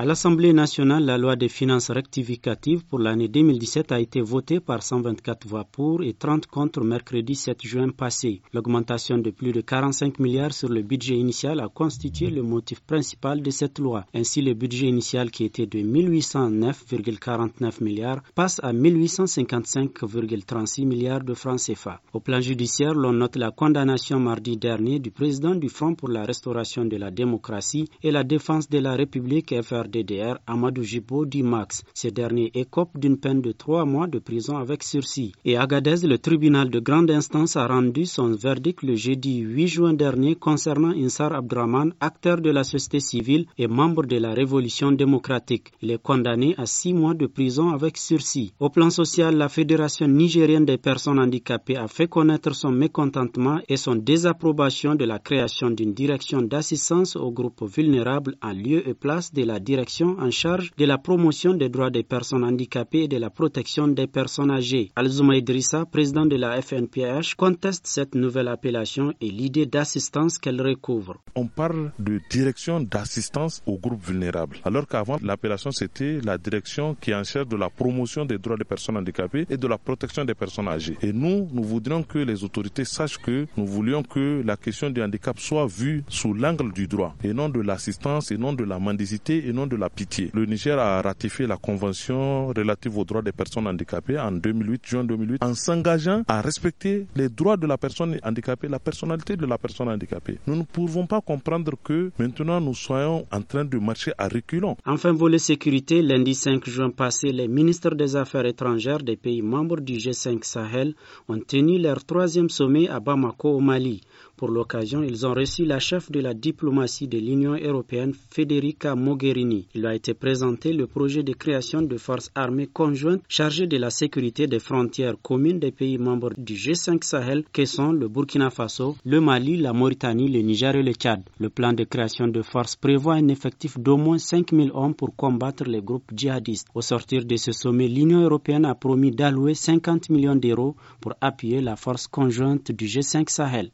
À l'Assemblée nationale, la loi des finances rectificatives pour l'année 2017 a été votée par 124 voix pour et 30 contre mercredi 7 juin passé. L'augmentation de plus de 45 milliards sur le budget initial a constitué le motif principal de cette loi. Ainsi, le budget initial qui était de 1809,49 milliards passe à 1855,36 milliards de francs CFA. Au plan judiciaire, l'on note la condamnation mardi dernier du président du Front pour la restauration de la démocratie et la défense de la République FR DDR, Amadou Jibo Di Max. Ce dernier écope d'une peine de trois mois de prison avec sursis. Et à Agadez, le tribunal de grande instance a rendu son verdict le jeudi 8 juin dernier concernant Insar Abdraman, acteur de la société civile et membre de la révolution démocratique. Il est condamné à six mois de prison avec sursis. Au plan social, la Fédération nigérienne des personnes handicapées a fait connaître son mécontentement et son désapprobation de la création d'une direction d'assistance aux groupes vulnérables en lieu et place de la direction direction en charge de la promotion des droits des personnes handicapées et de la protection des personnes âgées. Alzuma Idrissa, président de la FNPH, conteste cette nouvelle appellation et l'idée d'assistance qu'elle recouvre. On parle de direction d'assistance aux groupes vulnérables, alors qu'avant l'appellation c'était la direction qui est en charge de la promotion des droits des personnes handicapées et de la protection des personnes âgées. Et nous, nous voudrions que les autorités sachent que nous voulions que la question du handicap soit vue sous l'angle du droit et non de l'assistance et non de la mendicité et non de la pitié. Le Niger a ratifié la convention relative aux droits des personnes handicapées en 2008, juin 2008, en s'engageant à respecter les droits de la personne handicapée, la personnalité de la personne handicapée. Nous ne pouvons pas comprendre que maintenant nous soyons en train de marcher à reculons. Enfin, volet sécurité, lundi 5 juin passé, les ministres des Affaires étrangères des pays membres du G5 Sahel ont tenu leur troisième sommet à Bamako au Mali. Pour l'occasion, ils ont reçu la chef de la diplomatie de l'Union européenne, Federica Mogherini. Il a été présenté le projet de création de forces armées conjointes chargées de la sécurité des frontières communes des pays membres du G5 Sahel que sont le Burkina Faso, le Mali, la Mauritanie, le Niger et le Tchad. Le plan de création de forces prévoit un effectif d'au moins 5000 hommes pour combattre les groupes djihadistes. Au sortir de ce sommet, l'Union européenne a promis d'allouer 50 millions d'euros pour appuyer la force conjointe du G5 Sahel.